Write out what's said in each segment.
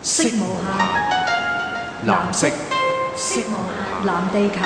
色無暇，藍色。色無暇，藍地球。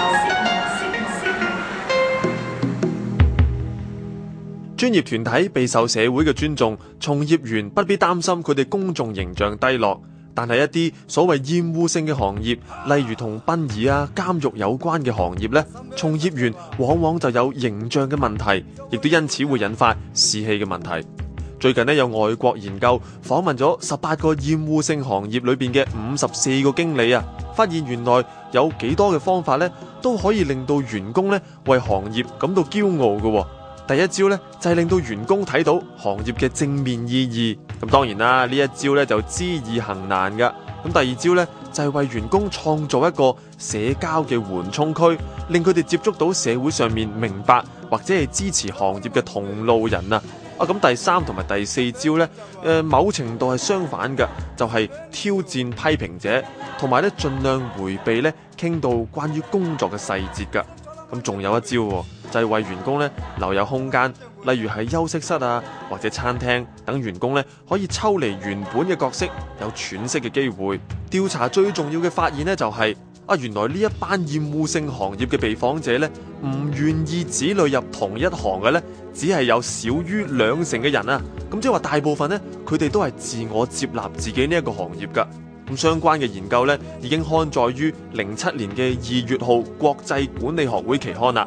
專業團體備受社會嘅尊重，從業員不必擔心佢哋公眾形象低落。但係一啲所謂厭惡性嘅行業，例如同殯儀啊、監獄有關嘅行業呢，從業員往往就有形象嘅問題，亦都因此會引發士氣嘅問題。最近咧有外國研究訪問咗十八個厭惡性行業裏邊嘅五十四個經理啊，發現原來有幾多嘅方法咧都可以令到員工咧為行業感到驕傲嘅。第一招咧就係令到員工睇到行業嘅正面意義。咁當然啦，呢一招咧就知易行難㗎。咁第二招咧就係為員工創造一個社交嘅緩衝區，令佢哋接觸到社會上面明白或者係支持行業嘅同路人啊。啊，咁第三同埋第四招呢，誒、呃，某程度係相反嘅，就係、是、挑戰批評者，同埋咧盡量回避呢傾到關於工作嘅細節噶。咁仲有一招，就係、是、為員工呢留有空間，例如係休息室啊或者餐廳等，員工呢可以抽離原本嘅角色，有喘息嘅機會。調查最重要嘅發現呢、就是，就係。啊，原來呢一班厭惡性行業嘅被訪者咧，唔願意子女入同一行嘅咧，只係有少於兩成嘅人啊。咁即係話大部分咧，佢哋都係自我接納自己呢一個行業㗎。咁相關嘅研究咧，已經刊載於零七年嘅二月號國際管理學會期刊啦。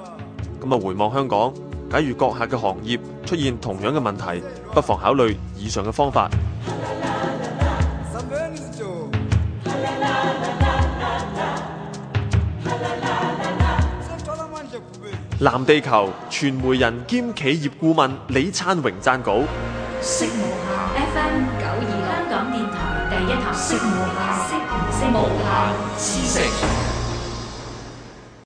咁啊，回望香港，假如閣下嘅行業出現同樣嘅問題，不妨考慮以上嘅方法。藍地球傳媒人兼企業顧問李燦榮撰稿。